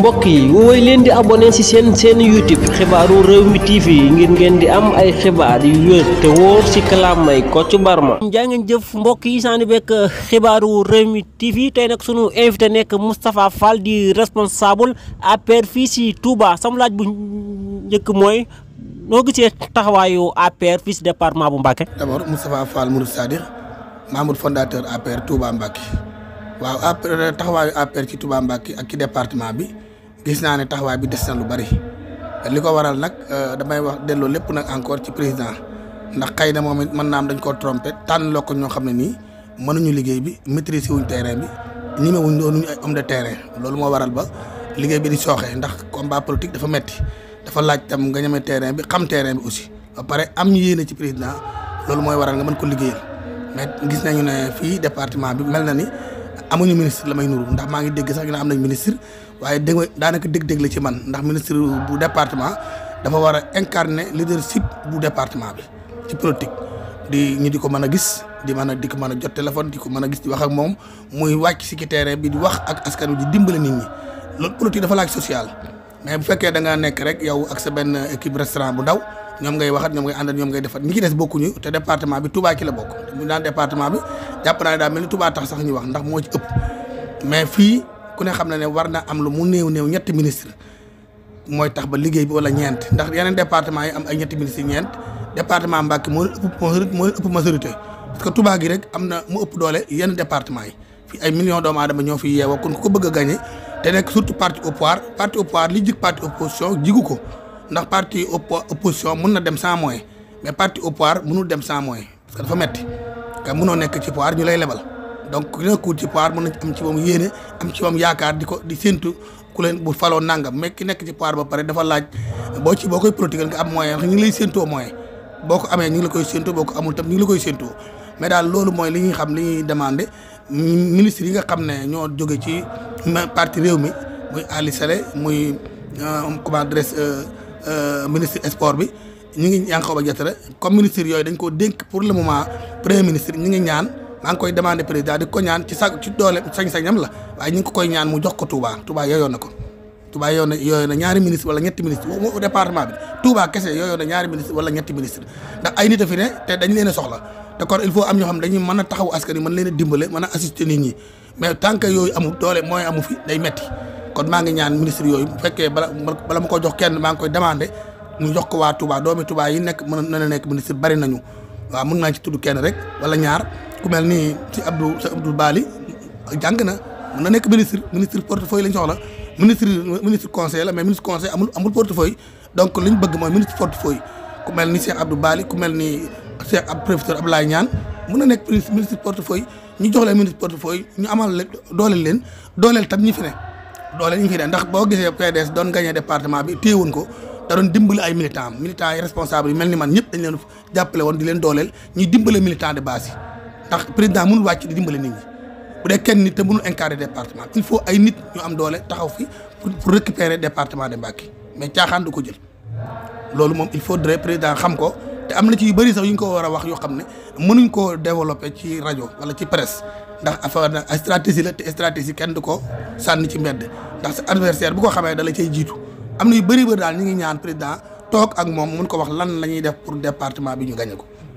mbokk yi wooy leen di abonné ci seen seen youtube xibaaru réew mi tv ngir ngeen di am ay xibaar yu wér te wóor ci kàllaamay Kocc Barma jaa ngeen jëf mbokk yi saani bekk xibaaru réew mi tv tey nag sunu invité nekk mustapha Fall di responsable APR fii ci Touba sam laaj bu njëkk mooy noo gisee taxawaayu APR fii ci département bu Mbacké d'abord mustapha Fall Mouride sadir Mahmoud fondateur APR Touba Mbacké waaw APR taxawaayu APR ci Touba Mbacké ak ci département bi gis naa ne taxawaay bi des na lu bari li ko waral nag euh, damay wax delloo lépp nag encore ci président ndax xëy na moom it mën naa am dañ koo trompé tànn loo ko ñoo xam ne nii mënuñu liggéey bi maîtriser wuñ terrain bi ñime wuñ doonuñu ay homme loolu moo waral ba liggéey bi di sooxee ndax combat politique dafa metti dafa laaj tam nga ñeme terrain bi xam terrain bi aussi ba pare am yéene ci président loolu mooy waral nga mën ko liggéeyal mais gis nañu ne fii département bi mel na ni amuñu ministre la may nuru ndax maa ngi dégg sax ñu am nañ ministre waye dégg daanaka dég-dég la ci man ndax ministre bu département dafa wara incarner leadership bu département bi ci politique di ñu di mëna gis di mëna dik di jot téléphone diko mëna gis di wax ak mom muy wacc ci terrain bi di wax ak askanu di dimbale nit ñi loolu politique dafa laaj social mais bu fekke da nga nek rek yow ak sa ben équipe restaurant bu daw ñom ngay waxat ñom ngay àndal ñom ngay defat ñi ci bokku ñu té département bi Touba ki la bokku bu daan département bi japp na da melni Touba tax sax ñu wax ndax mo ci ëpp mais fi ku ne xam na ne war na am lu mu néew néew ñetti ministre mooy tax ba liggéey bi wala ñeent ndax yeneen département yi am ay ñetti ministre ñeent département Mbacké moo ëpp moo ëpp majorité parce que Touba gi rek am na mu ëpp doole yenn département yi fii ay millions doomu aadama ñëw fi yeewoo kon ko bëgg a gagné te nekk surtout parti au pouvoir parti au pouvoir li jig parti opposition jigu ko ndax parti opposition mun na dem sans moyen mais parti au pouvoir mënul dem sans moyen parce que dafa metti nga mënoo nekk ci pouvoir ñu lay lebal donc ku nekk ci pouvoir mën na am ci moom yéene am ci moom yaakaar di ko di séntu ku leen bu faloo nangam mais nekk ci pouvoir ba pare dafa laaj boo ci boo koy politique nga am moyen ñu ngi lay séntoo moyen boo ko amee ñu ngi la koy séntoo boo ko amul tam ñu ngi la koy séntoo mais daal loolu mooy li ñuy xam li ñuy demandé ministre yi nga xam ne ñoo jóge ci parti réew mi muy Ali Sale muy euh, comment dirais euh, euh, ministre sport bi ñu ngi Yankhoba Diattara comme ministre yooyu dañ koo dénk pour le moment premier ministre ñu ngi ñaan. maa ngi koy demandé président di ko ñaan ci sa ci doole sañ-sañam la waaye ñu ngi ko koy ñaan mu jox ko Touba Touba yooyoon na ko Touba yooyoon na yooyoon na ñaari wala ñetti ministre au département bi Touba kese yooyoon na ñaari ministre wala ñetti a fi ne a soxla kon il faut am ñoo xam dañuy mën a taxaw askan yi mën leen a dimbale mën a que yooyu amul doole mooy amu fi day metti maa ngi ñaan ministre yooyu bu fekkee bala bala ma ko jox kenn maa ngi koy demandé mu jox ko waa Touba doomi Touba yi nekk mën na nekk ministre bari nañu waaw mën naa ci tudd kenn rek wala ñaar ku mel ni ci Abdou ci Abdou Bali jàng na mën na nekk ministre ministre portefeuille lañ soxla ministre ministre conseil la mais ministre conseil amul amul portefeuille donc ñu bëgg mooy ministre portefeuille ku mel ni Cheikh Abdou Bali ku mel ni Cheikh ab professeur Abdoulaye ñaan mun na nekk ministre portefeuille ñu jox leen ministre portefeuille ñu amal leen dooleel leen dooleel tam ñi fi ne dooleel ñi fi ne ndax boo gisee PDS doon gagné département bi téyewoon ko da doon dimbali ay militants militants yi responsable yi mel ni man ñëpp dañ leen jàppale di leen dooleel ñuy dimbale militant de base ndax président mënul wàcc di dimbale nit ñi bu dee kenn nit te mënul incarner département il faut ay nit ñu am doole taxaw fi pour récupérer département de Mbacké mais caaxaan du ko jël loolu moom il faudrait président xam ko te am na ci yu bëri sax yi ñu ko war a wax yoo xam ne mënuñ koo développer ci rajo wala ci presse ndax a stratégie la te stratégie kenn du ko sànni ci mbedd ndax sa adversaire bu ko xamee dala cay jiitu am na yu bëri bëri daal ñu ngi ñaan président toog ak moom mun ko wax lan la ñuy def pour département bi ñu gañe ko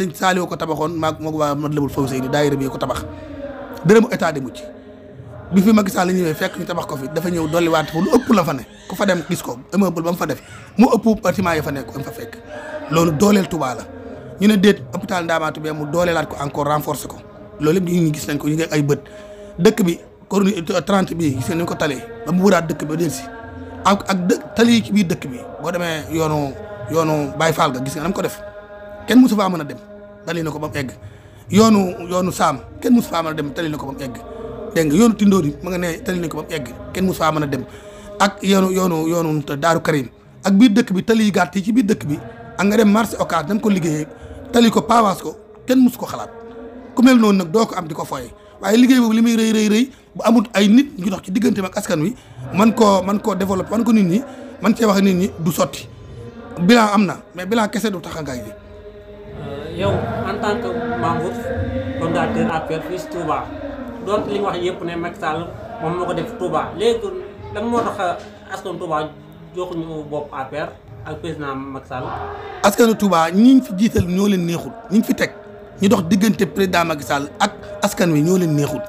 sëñ Saliou ko tabaxoon maa moo ko waa mat labul faw sëy ni daayira bi ko tabax dërëmu état di mujj bi fi Macky Sall la fekk ñu tabax ko fi dafa ñëw dolliwaat fa lu ëpp la fa ne ku fa dem gis ko immeuble ba mu fa def mu ëpp bâtiment yi fa nekk am fa fekk loolu dooleel Touba ñu ne déet hôpital Ndamatou bee mu dooleelaat ko encore renforcer ko loolu yëpp ñu gis nañ ko ñu ngi ay bët dëkk bi corne 30 bii gis nga ni ko talee ba mu wëraat dëkk bi ba del si ak ak dë tali dëkk bi boo demee yoonu yoonu Baye Fall ga gis nga nam ko def kenn mosu faa mën a dem tali na ko ba mu egg yoonu yoonu saam kenn mus faa dem tali na ko ba mu egg dégg nga yoonu tindóori ma nga nee tali na ko ba mu egg kenn mus faa mën a dem ak yoonu yoonu yoonu daaru karim ak biir dëkk bi tali yi gàtt yi ci biir dëkk bi ak nga dem marché Ocass dem ko liggéeyee tali ko paawaas ko kenn mus ko xalaat ku mel noonu nag doo ko am di ko fooye waaye liggéey boobu li muy rëy rëy rëy bu amul ay nit ñu dox ci digganteem ak askan wi man koo man koo développé man ko nit ñi man cee wax nit ñi du sotti bilan am na mais bilan kese du tax a gaay yow en tant que membre fondateur APR fii si Touba donc li nga wax yëpp ne Macky Sall moom moo ko def Touba léegi lan moo tax euh, askan Touba joxuñu bopp APR ak président Macky Sall. askanu Touba ñi fi jiital ñoo leen neexul ñi fi teg ñu dox diggante président Macky Sall ak askan wi ñoo leen neexul.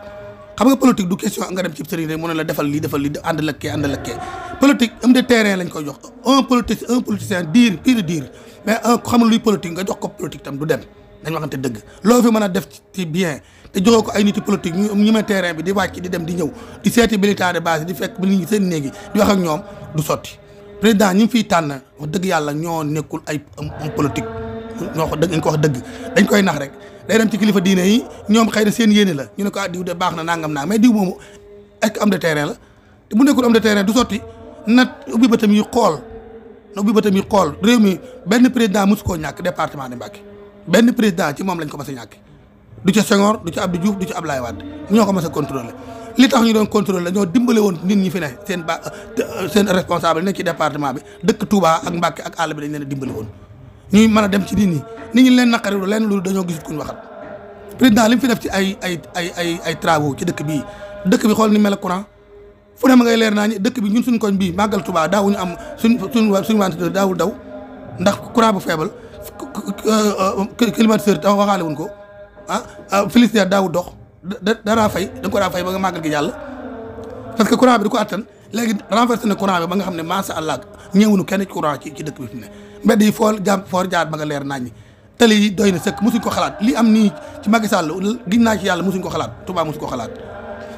xam nga politique du question nga dem ci sëriñ rek mu ne la defal lii defal lii àndal ak kee àndal ak kee politique am de terrain lañ koy jox un politique diir pire diir mais xamul luy politique nga jox ko politique tam du dem dañ waxante dëgg loo fi a def ko ay niti politique ñu may terrain bi di wàcc di dem di ñëw di seeti militaire de base di fekk nit ñi seen néegi di wax ak ñoom du sotti président ñi mu fiy tànn wax dëgg yàlla ñoo nekkul ay am politique ñoo ko dañ ko dëgg dañ koy nax rek day ci kilifa diine yi ñoom xëy na seen yéene la ñu ne ko ah diw de baax na nangam naa mais diw moomu est-ce que am te bu nekkul am de terrain du sotti na ubbi bëtam xool na ubbi yi xool réew mi benn président mosu koo ñàkk département de benn président ci moom lañ ko mas a ñàkk du ca Senghor du ca Abdou Diouf du ca Abdoulaye Wade ñoo ko mas a contrôler li tax ñu doon contrôler ñoo dimbale woon nit ñi fi ne seen ba seen responsable ne ci département bi dëkk Touba ak Mbacké ak àll bi dañ leen a dimbale woon ñuy mën a dem ci nit ñi nit ñi leen naqariwul leen loolu dañoo gisul kuñ waxat président li fi def ci ay ay ay ay ay ci dëkk bii dëkk bi xool ni mel courant fu ne ma ngay leer naa ñi dëkk bi ñun suñ koñ bii màggal daawuñu am suñ suñ suñu ventilateur daawul daw ndax courant bu feebal faible euh, euh, climatiseur tax waxaale wuñ ko ah, ah filicière daawul dox da daraa fay da ko daa fay ba nga gi yàlla parce que courant bi du ko attan léegi renversé na courant bi ba nga xam ne macha allah ñëwuñu kenn ci courant ci ci dëkk bi fi ne mbedd yi fool jàpp foor jaar ba nga leer naññi tali yi doy na sëkk mosuñ ko xalaat li am nii ci Macky Sall giñ naa ci yàlla mosuñ ko xalaat mu mosuñ ko xalaat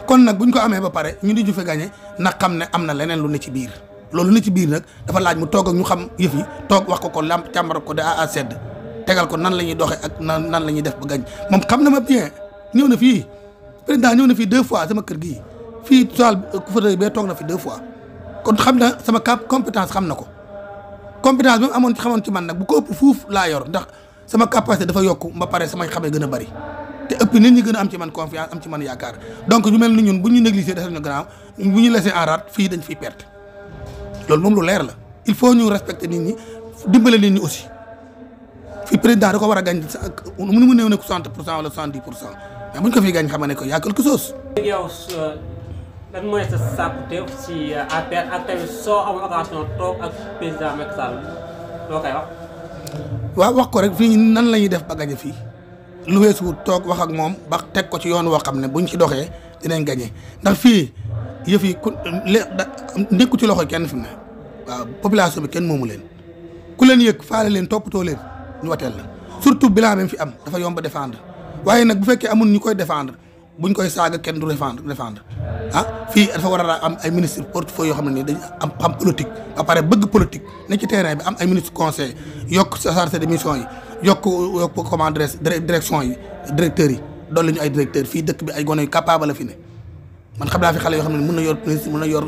kon nag buñ ko amee ba pare ñu di jufe gagné nag xam ne am na leneen lu ne ci biir loolu ne ci biir nag dafa laaj mu toog ak ñu xam yëf yi toog wax ko ko lamp càmbar ko de a sedd tegal ko nan la ñuy doxee ak nan nan la ñuy def ba gañ moom xam na ma bien ñëw na fii président ñëw na fii deux fois sama kër gii fii saal fauteuil bee toog na fi deux fois kon xam na sama cap compétence xam na ko compétence bi amoon ci xamone ci man nak bu ko upp fouf la yor ndax sama capacité dafa yokku ba pare sama xamé gëna bari té upp nit ñi gëna am ci man confiance am ci man yaakaar donc ñu mel ni ñun bu ñu négliger dafa ñu gannaaw bu ñu laisser en rate fi dañ fi perte loolu mom lu leer la il faut ñu respecter nit ñi dimbale nit ñi aussi fi président da ko wara a gañ mu nu mu ne ko 60 wala 70 mais bu ñu ko fi gañ xam ko y a quelque chose. lan mooy sa sàkkuteef ci APR ak tamit soo amul occasion toog ak président Macky Sall loo koy wax. waaw wax ko rek fii nan la ñuy def ba gañe fii lu weesu toog wax ak moom ba teg ko ci yoon woo xam ne buñ ci doxee dinañ gañe ndax fii yëf yi ku nekku ci loxo kenn fi mu waaw population bi kenn moomu leen ku leen yëg faale leen toppatoo leen ñu wateel la surtout bilan bi fi am dafa yomb défendre waaye nag bu fekkee amul ñu koy défendre. bu buñ koy saaga kenn du défendre défendre ah fii dafa war a am ay ministre portefeuille yoo xam ne nii dañ am xam politique ba pare bëgg politique ne ci terrain bi am ay ministre conseil yokk chargé de mission yi yokk yokk comment dire direction yi directeurs yi dolli ñu ay directeur fii dëkk bi ay gone yu capable la fi ne man fi xale yoo xam ne mën na yor ministre mën na yor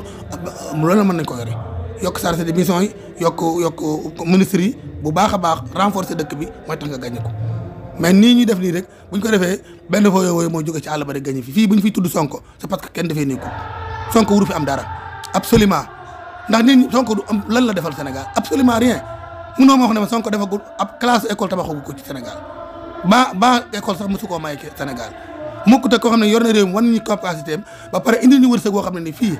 loolu mën nañ ko yore yokk chargé de mission yi yokk yokk ministre yi bu baax a baax renforcer dëkk bi mooy tax nga gàññe ko mais nii ñuy def nii rek buñ ko defee benn foo yooyu moo joge ci àll ba rek gañe fi fii buñ fiy tudd sonko c'est parce que kenn dafee nekkul sonko wuru fi am dara absolument ndax nit ñi sonko du am lan la defal Sénégal absolument rien mënoo ma wax ne ma sonko defagul ab classe école tabaxagu ko ci Sénégal ba ba école sax mosu koo may ci Sénégal mukk te koo xam ne yor na réew mi wan ñu capacité am ba pare indi ñu wërsëg boo xam ne nii fii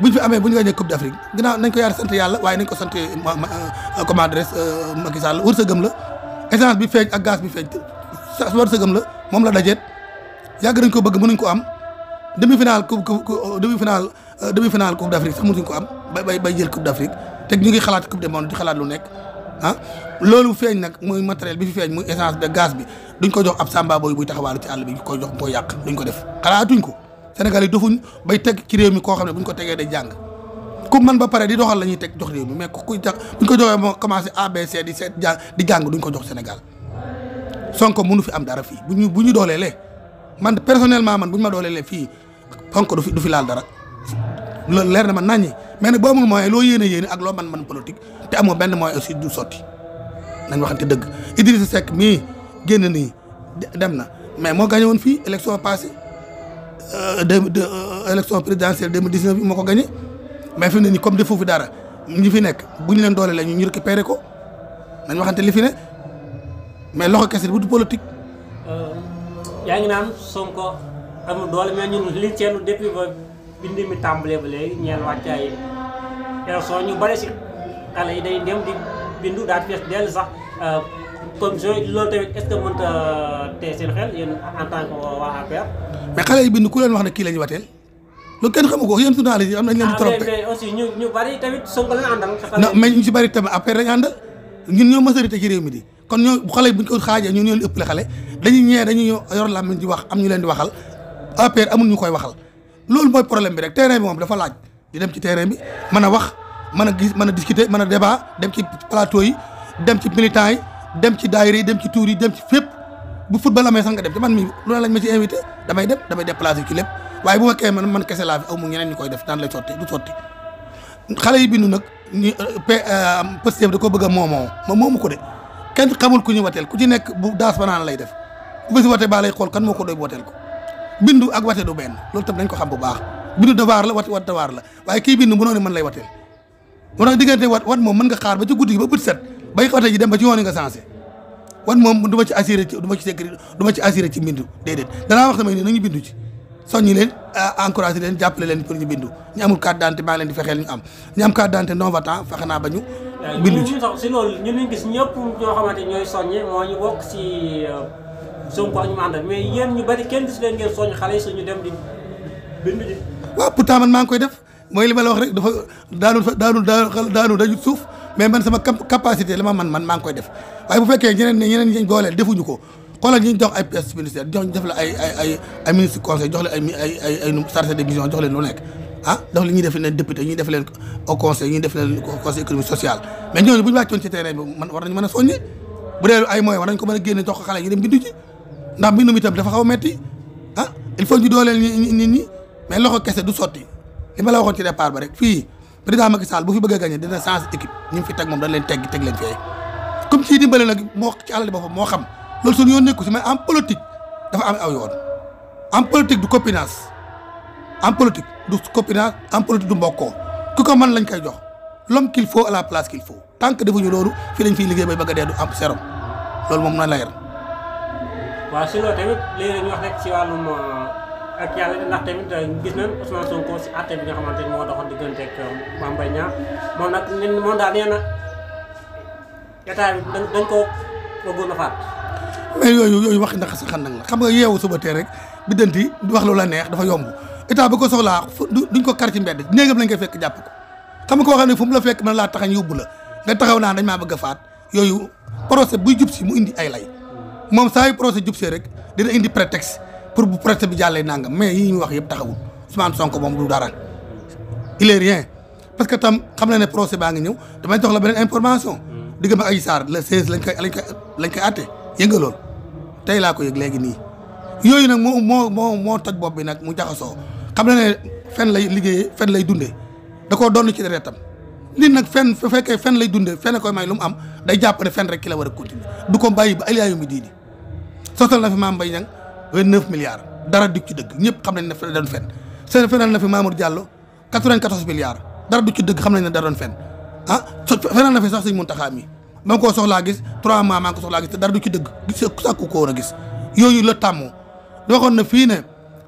buñ fi amee buñ gañee coupe d'Afrique ginnaaw nañ ko yaar sant yàlla waaye nañ ko sant euh, euh, comment dirais-je euh, Macky Sall wërsëgam la essence bi feeñ ak gaz bi feeñ sa war sëgam la moom la dajeet yàgg nañ ko bëgg nuñ ko am demi final coupe coupe demi final demi final coupe d' euh, Afrique sax mënuñ ko am bay bay bay jël coupe d' Afrique te ñu ngi xalaat coupe du monde di xalaat lu nekk ah loolu feeñ nag muy matériel bi fi feeñ muy essence bi gaz bi duñ ko jox ab samba booy buy taxawaalu ci àll bi ñu koy jox ñu koy yàq duñ ko def xalaatuñ ko Sénégal yi dofuñ bay teg ci réew mi koo xam ne buñ ko tegee day jàng ku man ba pare di doxal la ñuy teg jox réew mi mais ku kuy tax ko joxee moo commencé ABC di seet jàng di jàng duñ ko jox Sénégal Sonko mënu fi am dara fii bu ñu bu ñu dooleelee man personnellement man bu ñu ma dooleelee fii Sonko du fi fi laal dara loolu leer na ma naññi mais nag boo amul moyen loo yéene yéene ak loo man man politique te amoo benn moyen aussi du sotti nañ waxante dëgg Idrissa Seck mii génn nii dem na mais moo gagné woon fii élection passée euh, de euh, élection présidentielle 2019 bi moo ko gagné. mais fi mu ne nii comme defu fi dara ñi fi nekk bu ñu leen doole la ñu ñu pere ko nañ waxante li fi ne mais loxo kese bu du politique. Euh, yaa ngi naan Sonko amul doole mais ñun li ceenu depuis ba bindi mi tàmbalee ba léegi ñeel wàccaay élection ñu bari si xale yi day dem di bindu daal fees dell sax euh, commission loolu tamit est mënta euh, tee seen xel yéen en tant que waa APR. mais xale yi bind ku leen wax ne kii la ñu wateel loolu kenn xamu ko yéen journaliste yi am nañ leen ah, trop mais aussi ñu ñu bari tamit Sonko lañ àndal non ñu si bari tamit après dañ ànd ñun ñoo leen ëppale xale dañuy am ñu koy waxal loolu mooy problème bi rek terrain bi moom dafa laaj di dem ci terrain bi mën a wax mën a gis mën a discuter mën a débat dem ci plateau yi dem ci militants yi dem ci daayira yi dem ci tuur yi dem ci fépp bu football amee sax nga dem ci man mi lu ne lañ ma ci invité damay dem damay déplacé ci lépp waaye bu fekkee man man kese laa fi aw mu ñeneen koy def daan lay sotti du sotti xale yi bindu nag ñu euh, euh, Pastef da ko bëgg a moomoo ma moomu ko de kenn xamul ku ñu wateel ku ci nekk bu daas ba naan lay def bu bés wate baa lay xool kan moo ko doy bu wateel ko bindu ak wate du benn loolu tam dañ ko xam bu baax bindu dawaar la wat wat la waaye kii bindu bu noonu mën lay wateel moo tax diggante wat wat moom mën nga xaar ba ci guddi gi ba bët set bay wate ji dem ba moom du ma ci ci du ma ci sécurité ci assuré ci wax tamay ni nañu bindu ci soññi leen euh, encouragé leen jàppale leen pour ñu bindu ñu amul carte d'identité maa ngi leen di fexeel ñu am ñu am carte d'identité non votant fexe ba ñu. bindu ci si loolu ñun ñu gis ñëpp ñoo xamante ñooy soññe moo ñu bokk si euh, Sonko ak ñu mais yéen ñu bari kenn gis leen ngeen soññ xale yi suñu dem di bindu ji. waaw pourtant man maa ngi koy def mooy li ma la wax rek dafa daanu daanu daanu dañu suuf mais man sama capacité la man man maa ngi koy def waaye bu fekkee ñeneen ñeneen ñi booleel defuñu ko xoolal ñu jox ay pièces ministère jox def la ay ay ay ay ministre conseil jox la ay ay de leen lu nekk ah donc li ñuy def leen député ñuy def leen au conseil ñuy def leen conseil économique social mais ñooñu bu ñu wàccoon ci terrain génne jox ko xale ñu dem bindu ci ndax mbindum itam dafa xaw metti ah, il faut ñu dooleel nit ñi mais loxo kese du sotti li ma la waxoon ci départ ba rek fii président Macky Sall bu fi bëgg a gagné dina change équipe ñu fi teg moom dañ leen teggi teg leen fee comme ci dimbale nag moo ci àlal boppam moo xam loolu suñu yoon nekku si mais en politique dafa am aw yoon en politique du copinage en politique du copinage en politique du mboko kuko man lañ koy jox l'homme qu'il faut à la place qu'il faut tant que defuñu loolu fi lañ fi liggéey bay bëgga dédu am sérum loolu mom na la yar wa ci lo tamit léegi ñu wax rek ci walu mo ak yalla yàlla nak tamit gis nañ Ousmane Sonko ci atté bi nga xamante mo doxon doxoon diggante ak Mame Mbaye Niang moom nag mo daal nee na dañ ko bëggoon a faat mais yooyu yooyu wax ndax sa xan nag la xam nga yeewu suba tee rek biddanti di wax lu la neex dafa yomb état ba ko soxlaa duñ ko kar ci mbedd néegam lañ fu mu la fekk la nga taxaw a faat yooyu procès buy jub si mu indi ay lay moom saa yu procès jub see rek dina indi prétexte pour bu procès bi jàllee nangam mais yi ñu wax yëpp taxawul Ousmane Sonko moom du dara il est rien parce que tam xam na ne procès baa ngi ñëw damay jox la beneen information diggam ak Adji Sarr la 16 lañ koy lañ yëngaloon tey laa ko yëg léegi nii yooyu nag moo moo moo moo toj bopp bi nag mu jaxasoo xam na ne fen lay liggéeyee fen lay dundee da koo doon ci deretam nit nag fen su fekkee fen lay dundee fen koy may lu mu am day jàpp ne fen rek ki la war a continuer du ko bàyyi ba aliyaayu mi diidi sotal na fi maam Mbaye Niang vingt-neuf milliards dara du ci dëgg ñëpp xam nañ ne doon fen seen fenal na fi Mamour Diallo quatre-vingt-quatorze milliards dara du ci dëgg xam nañ ne da doon fen ah fenal na fi sax Sëñ Muntaxa mi ma ngi koo soxlaa gis trois mois maa ngi ko soxlaa gis te dara du ci dëgg gis sàkku ko woon a gis na fii ne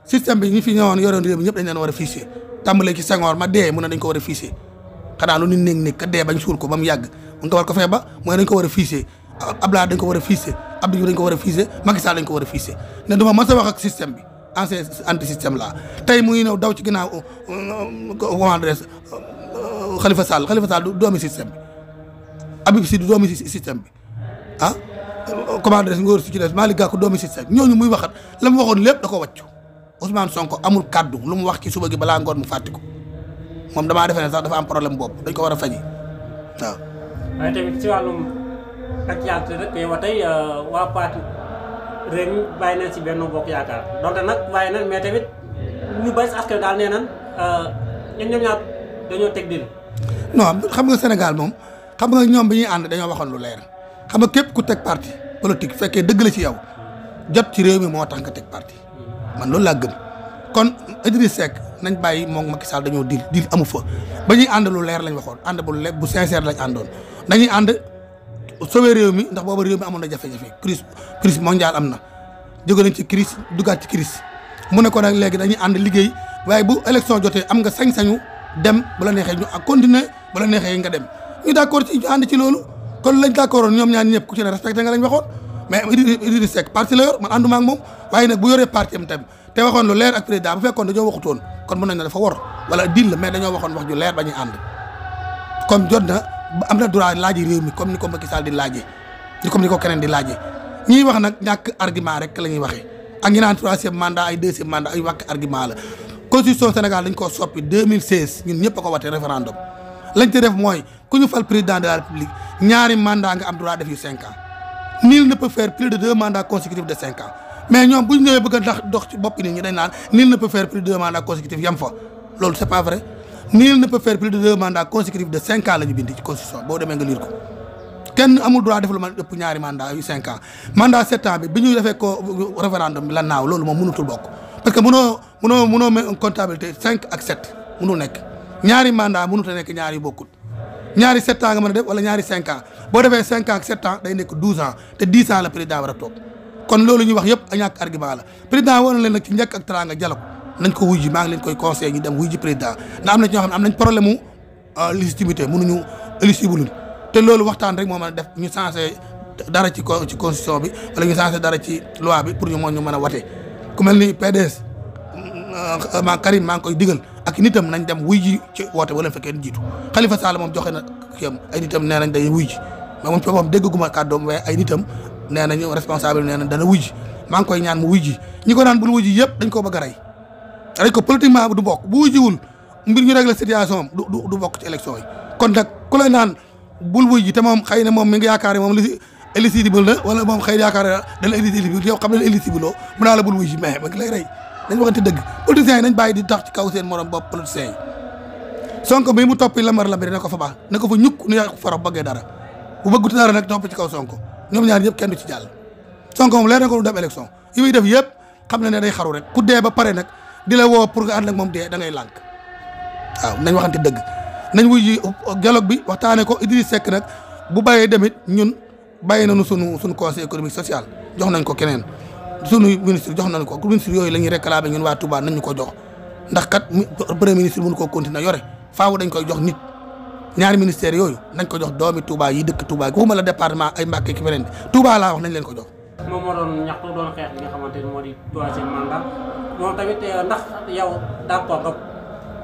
système bi ñu fi ñëwoon yoroon réew mi ñëpp dañ leen a fiché tàmbalee ci Senghor ma dee mu ko war a fiché xanaa lu nit néeg ko ba mu yàgg mu ko fee ba mu ne dañ ko war a fiché Abdoulaye dañ ko war a fiché Abdou Diouf dañ ko war a fiché Macky Sall dañ ko war a fiché a wax ak système bi ancien anti système la tey mu ngi ñëw daw ci ginnaaw commandre euh, euh, euh, Khalifa Sall Khalifa Sall du doomi système bi Habib Sy du doomi système bi ah commande des ngóor su ci des Malick Gakou doomi système muy waxat la mu waxoon lépp da ko wàccu Ousmane Sonko amul kaddu lu mu wax ci suba gi balaa ngoon mu fàtte moom damaa defe ne sax dafa am problème bopp dañ ko war a faji waaw. waaye tamit ci wàllum actualité rek yow euh, bàyyi nañ ci benn bokk yaakaar donte nag bàyyi nañ mais tamit ñu bari si askan daal nee nañ euh, ñoom ñaar dañoo teg dil non xam nga Sénégal moom. xam nga ñoom bi ñuy ànd dañoo waxoon lu leer xam nga képp ku teg parti politique fekkee dëgg la ci yow jot ci réew mi moo tax nga teg parti man loolu laa gëm kon Idriss Seck nañ bàyyi moom Macky Sall dañoo dil dil amu fa ba ñu ànd lu leer lañ waxoon ànd bu le bu sincère lañ àndoon dañuy ànd sauver réew mi ndax boobu réew mi amoon na jafe-jafe crise crise mondiale am na jóge nañ ci crise duggaat ci crise mu ne ko nag léegi dañuy ànd liggéey waaye bu élection jotee am nga sañ-sañu dem bu la neexee ñu ak continuer bu la neexee nga dem ñu d'accord ci ñu ànd ci loolu kon lañ d'accordoon ñoom ñaar ñëpp ku ci ne respecté nga lañ waxoon mais Idriss Seck parti la yor man ànduma moom waaye nag bu yoree parti am te waxoon lu leer ak président bu fekkoon dañoo waxutoon kon mën nañ ne dafa wor wala dil mais dañoo waxoon wax ju leer ba ànd comme jot na am na droit laaji réew mi comme ni ko Macky Sall di laajee ni comme ni ko keneen di laajee ñiy wax nag ñàkk argument rek la ñuy waxee ak ñi naan troisième mandat ay deuxième mandat ay wàkk argument la constitution Sénégal dañ L'intérêt moi, quand nous faisons président de la République, nous avons un mandat qui a droit de 5 ans. Nul ne peut faire plus de deux mandats consécutifs de 5 ans. Mais nous avons besoin de un peu de temps. Nul ne peut faire plus de deux mandats consécutifs. Ce n'est pas vrai. Nul ne peut faire plus de deux mandats consécutifs de 5 ans. Nous avons besoin de nous donner un peu de a le droit de faire mandat de 5 ans mandat de 7 ans, si nous avons fait le référendum, c'est un mandat de 5 ans. Parce que nous avons une comptabilité 5 et 7. ñaari mandat mënut a nekk ñaari bokkut ñaari sept ans a def wala ñaari cinq ans boo defee cinq ans ak sept ans day nekk douze ans te dix ans la président war a toog kon loolu ñuy wax yëpp a ñàkk argument la président woon na leen nag ko wuy ji maa ngi koy conseil ñu dem wuy ji président ndax am na ci ñoo xam ne am nañ problème mu euh, légitimité te loolu waxtaan rek moo mën a def ñu changé dara ci ci constitution bi wala ñu changé dara ci loi bi pour ñu moo ñu mën a wate ku mel ni PDS ma euh, Karim maa ngi koy diggal ak nitam nañ dem wuy ji ci woote wala fekkee ñu jiitu Khalifa Sall moom joxe na kiyam ay nitam nee nañ day wuy ji mais moom ci boppam dégguma kàddoom waaye ay nitam nee nañu responsable nee nañ dana wuy ji maa ngi koy ñaan mu wuy ji ñi ko naan bul wuy ji yëpp dañ koo bëgg a rey rey ko politiquement du bokk bu wuy jiwul mbir ñu régler situation am du du bokk ci élection yi kon nag ku lay naan bul wuy ji te moom xëy na moom mi ngi yaakaar moom li éligible la wala moom xëy yaakaar dana éligible yow xam ne éligible loo mu naa la bul wuy ji rey dañ waxante dëgg politiciens yi nañ bàyyi di tax ci kaw seen morom bopp politiciens yi sonko bi mu toppi lamar lamar na ko fa baax na ko fa ñukk nu yàq faro bëggee dara bu bëggut dara nag topp ci kaw sonko ñoom ñaar ñëpp kenn du ci jàll sonko moom leer na ko du dem élection muy def yëpp xam na ne day xaru rek ku dee ba pare nag di la woo pour nga ànd ak moom dee da ngay lànk waaw nañ waxante dëgg nañ wuy ji uh, dialogue bi waxtaanee ko Idriss Seck nag bu bàyyee demit ñun bàyyi nañu sunu sunu conseil économique social jox nañ ko keneen sunu ministre jox nañu ko ministre yooyu la ñuy réclamer ñun waa Touba nañu ko jox ndax kat premier ministre mënu koo continuer yore faaw dañ koy jox nit ñaari ministère yooyu nañ ko jox doomi Touba yi dëkk Touba waxuma la département ay Mbàkke ki beneen bi Touba laa wax nañ leen ko jox. moom moo doon ñaxtu doon xeex li nga xamante ni moo di troisième mandat moom tamit eh, ndax yow d'accord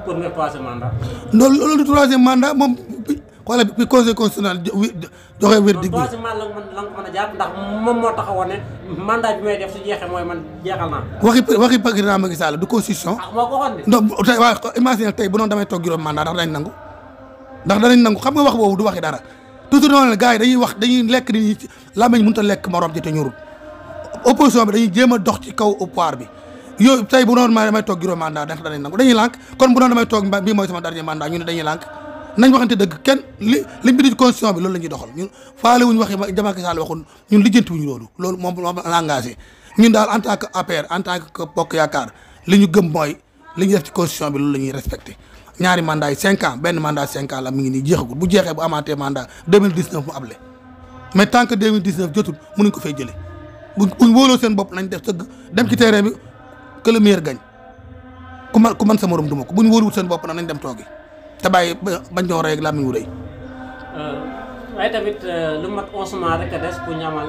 pour nga troisième mandat. loolu loolu troisième mandat moom xoolal bi conseil constitutionnel joxe wér digg troisièmement la nga la a jàpp ndax moom moo ne mandat bi may def su jeexee naa waxi waxi président Macky Sall du constitution ah, moo ko waxoon de donc tey waaye imagine tey bu noonu damay toog juróom mandat ndax danañ nangu ndax danañ nangu xam nga wax boobu du waxi dara toujours noonu gars yi dañuy wax dañuy lekk ni làmmiñ mënut a lekk morom ji te ñurul opposition bi dañuy jéem a dox ci kaw pouvoir bi yooyu tey bu noonu ma damay toog juróom mandat ndax danañ nangu dañuy lànk kon bu noonu damay toog bii mooy sama dernier mandat ñu dañuy lànk nañ waxante dëgg kenn li li mbiri bi loolu la ñuy doxal ñun faale wuñu waxi Macky Sall waxoon loolu loolu moom la engagé ñun daal en tant que APR en tant que bokk yaakaar li ñu gëm mooy li ñu def ci constitution bi loolu la ñuy respecté ñaari mandat yi cinq ans benn mandat cinq ans la mi ngi nii jeexagul bu jeexee bu amaatee mandat 2019 mu able mais tant que 2019 jotul mënuñ ko fay jëlee bu buñ wóoloo seen bopp def sëgg dem ci terrain bi que le meilleur gagne ku man ku man sa morom duma ko buñ wóoluwul seen bopp nañ dem toogi te bàyyi bañ ñoo rey ak làmmiñ wu rëy. Euh, waaye tamit euh, lu mat onze mois rek a des pour ñu amal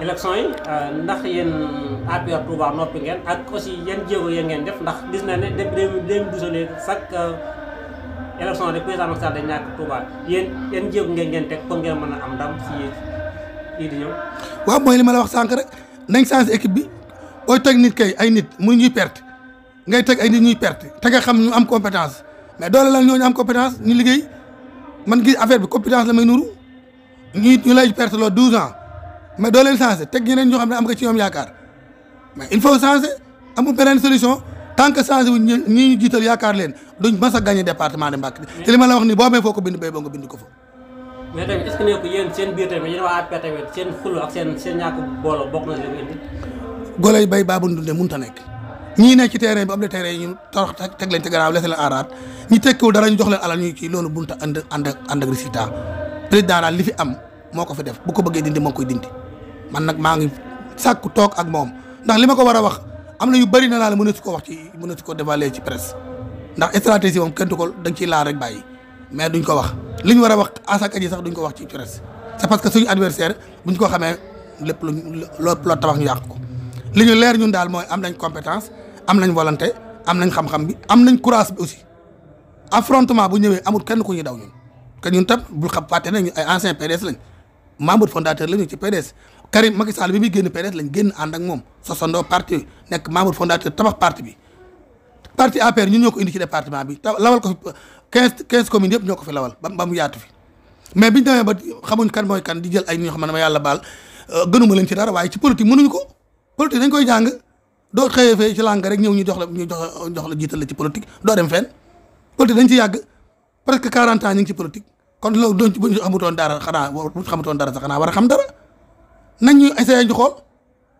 élection yi euh, ndax yéen APR Touba noppi ngeen ak aussi yan jéego ya ngeen def ndax gis na ne depuis deux mille douze léegi chaque élection de président Macky Sall dañ ñàkk Touba yéen yan ngeen mën a am ndam ci di ñëw. waaw mooy li ma wax sànq rek nañ changé équipe bi booy teg nit kay ay nit mu ñuy perte ngay teg ay nit ñuy perte te nga xam am compétence. mais doole la ñooñu am compétence ñu liggéey man gis affaire bi compétence la may nuru ñuy ñu lay perte loo 12 ans mais doo leen changé tek ñeneen ñu xam ne am nga ci ñoom yaakar mais il faut changer amul benen solution tant que changé ñi ñu jiital yaakar leen duñ mas a gagné département de Mbacké té li ma la wax ni boo amee foo bind bay bo nga bind ko fa. mais tamit est-ce que ne ko yéen seen biir tamit yéen waa APR tamit seen ful ak seen seen ñàkk bolo bok na li indi. golay bay babu ndunde mënut ta nek ñii nekk ci terrain bi am na terrain ñu tax teg leen ci gannaaw lese leen araat ñi tekkiwul dara ñu jox leen alal ñu ci loolu bunta ànd ànd ak ànd ak résultat président daal li fi am moo ko fi def bu ko bëggee dindi moo koy dindi man nag maa ngi sàkku toog ak moom ndax li ma ko war a wax am na yu bëri na laa la mënatu ko wax ci mënatu ko dévaler ci presse ndax stratégie moom kenn du ko da ci ciy rek bàyyi mais duñ ko wax li ñu war a wax asaka ji sax duñ ko wax ci presse c'est parce que suñu adversaire buñ ko xamee lépp lu loo tabax ñu yàq ko li ñu leer ñun daal mooy am nañ compétence am nañ volonté am nañ xam-xam bi am nañ courage bi aussi affrontement bu ñëwee amul kenn ku ñu daw ñun que ñun tam bul xam fàtte nañu ay ancien PDS lañ membre fondateur lañu ci PDS Karim Macky Sall bi muy génn PDS lañ génn ànd ak moom sosandoo parti nekk membre fondateur tabax parti bi parti APR ñun ñoo ko indi ci département bi ta lawal ko fi quinze quinze communes lawal ba ba mu yaatu fi mais biñ demee ba xamuñ kan mooy kan di jël ay ñoo xam ne ma yàlla baal euh, gënuma leen ci dara waaye ci politique mënuñu ko politique dañ koy jàng doo xëyee fee ci làng rek ñëw ñu jox la ñu jox la jiital la ci politique doo dem fenn politique dañ ci yàgg presque 40 ans ñu ngi ci politique kon loolu doon ci bu ñu xamutoon dara xanaa bu xamutoon dara sax xanaa war a xam dara nañ ñu essayé ñu xool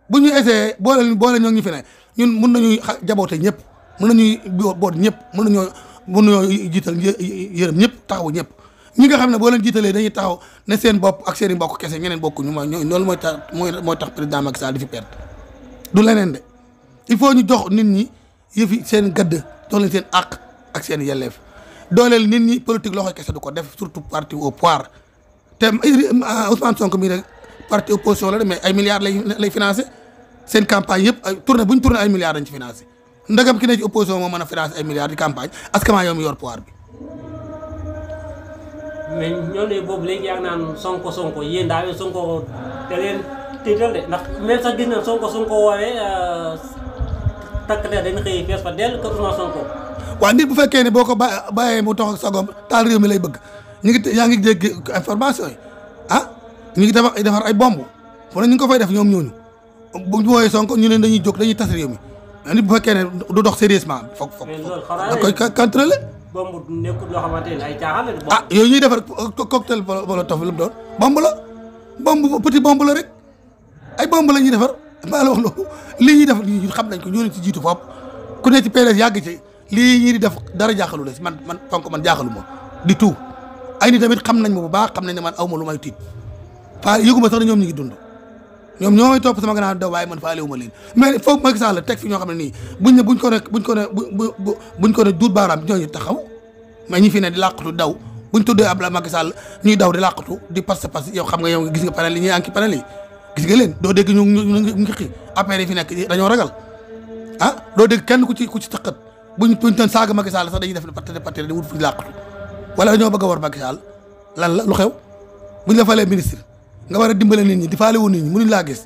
bu ñu essayé boole boole ñoo ñu fi ñun mun nañuy jaboote ñëpp mun nañuy boot ñëpp mun nañoo mun nañoo jiital yërëm ñëpp taxawu ñëpp ñi nga xam ne boo leen jiitalee dañuy taxaw ne seen bopp ak seen i kese ñeneen bokkuñu mooy ñooñu loolu mooy tax mooy mooy tax président Macky Sall di fi perte du leneen de. il faut ñu jox nit ñi yëfi seen gëdd jox leen seen àq seen yelleef dooleel nit ñi politique loxo kese du ko def surtout parti au pouvoir te euh, Ousmane Sonko mii rek parti opposition la de mais ay milliards lay lay financé seen campagne yëpp ay tourné ay milliards dañ financé ndagam ki ne ci opposition moo mën a mais ñooñu boobu léegi yaa ngi naan Sonko Sonko yéen daawee Sonko da leen takk der dañ xëy fees fa nit bu fekkee ne boo ko ba bàyyee mu toog ak sagom taal réew mi lay bëgg ñu ngi yaa ngi dégg information yi ah ñu ngi defar defar ay bomb fu ne ñu ngi ko fay def ñoom ñooñu bu ñu wooyee Sonko ñu leen dañuy jóg dañuy tas réew mi bu fekkee ne du dox sérieusement foog foog da koy contrôlé bomb nekkul loo xamante ne ay caaxaan la ah yooyu ñuy defar cocktail molotov lu mu doon bomb la bomb petit bomb la rek ay bomb la ñuy defar maa wax loolu lii ñuy def lii xam nañ ko ñoo leen ci jiitu foofu ku ne ci PDS yàgg ci lii ñi di def dara jaaxalu la si man man donc man jaaxalu moom di tu ay ni tamit xam nañ ma bu baax xam nañ ne man aw ma lu may tiit faa yëguma sax na ñoom ñu ngi dund ñoom ñoo may topp sama gannaaw daw waaye man faale wu ma leen mais foog Macky Sall teg fi ñoo xam ne nii buñ ne buñ ko ne buñ ko ne buñ ko ne duut baaraam ñooñu taxaw mais ñi fi ne di làqatu daw buñ tuddee Abdoulaye Macky Sall daw di làqatu di passe passe yow xam nga yow gis nga panel gis nga leen doo dégg ñu ngiqi affaire yi fi nekk dañoo ragal ah doo dégg kenn ku ci ku ci tëqat buñ buñ doon saaga Macky Sall sax dañuy def parti parti di wut fu ñu làqatu wala dañoo bëgg a war Macky Sall lan la lu xew buñ la falee ministre nga war a dimbale nit ñi di faale wu nit ñi mënuñ laa gis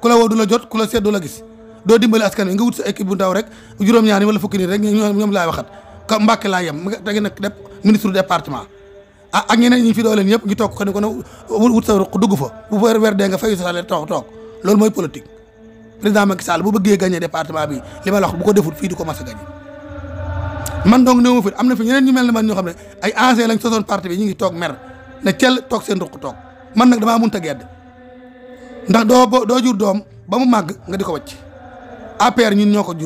ku la woo du la jot ku la seet du la gis doo dimbale askan wi nga wut sa équipe bu ndaw rek juróom-ñaar yi wala fukki nit rek ñoom laay waxat ka Mbàkke laa yem da ngeen nag def ministre département ah ak ñeneen ñi fi leen ñëpp ngi toog ko ne ko ne wut sa ruq dugg fa bu fa weer dee nga fayu sa salaire toog toog loolu mooy politique président Macky Sall bu bëggee gagné département bi li bu ko deful fii di commencé gagné man donc néew ma am na fi ñeneen ñu mel ne man ñoo xam ne ay ancien lañ sosoon parti bi ñu ngi toog mer ne cel toog seen ruq toog man nag damaa munta gedd ndax doo doo jur doom ba mu màgg nga di ko wàcc APR ñun ñoo ko jur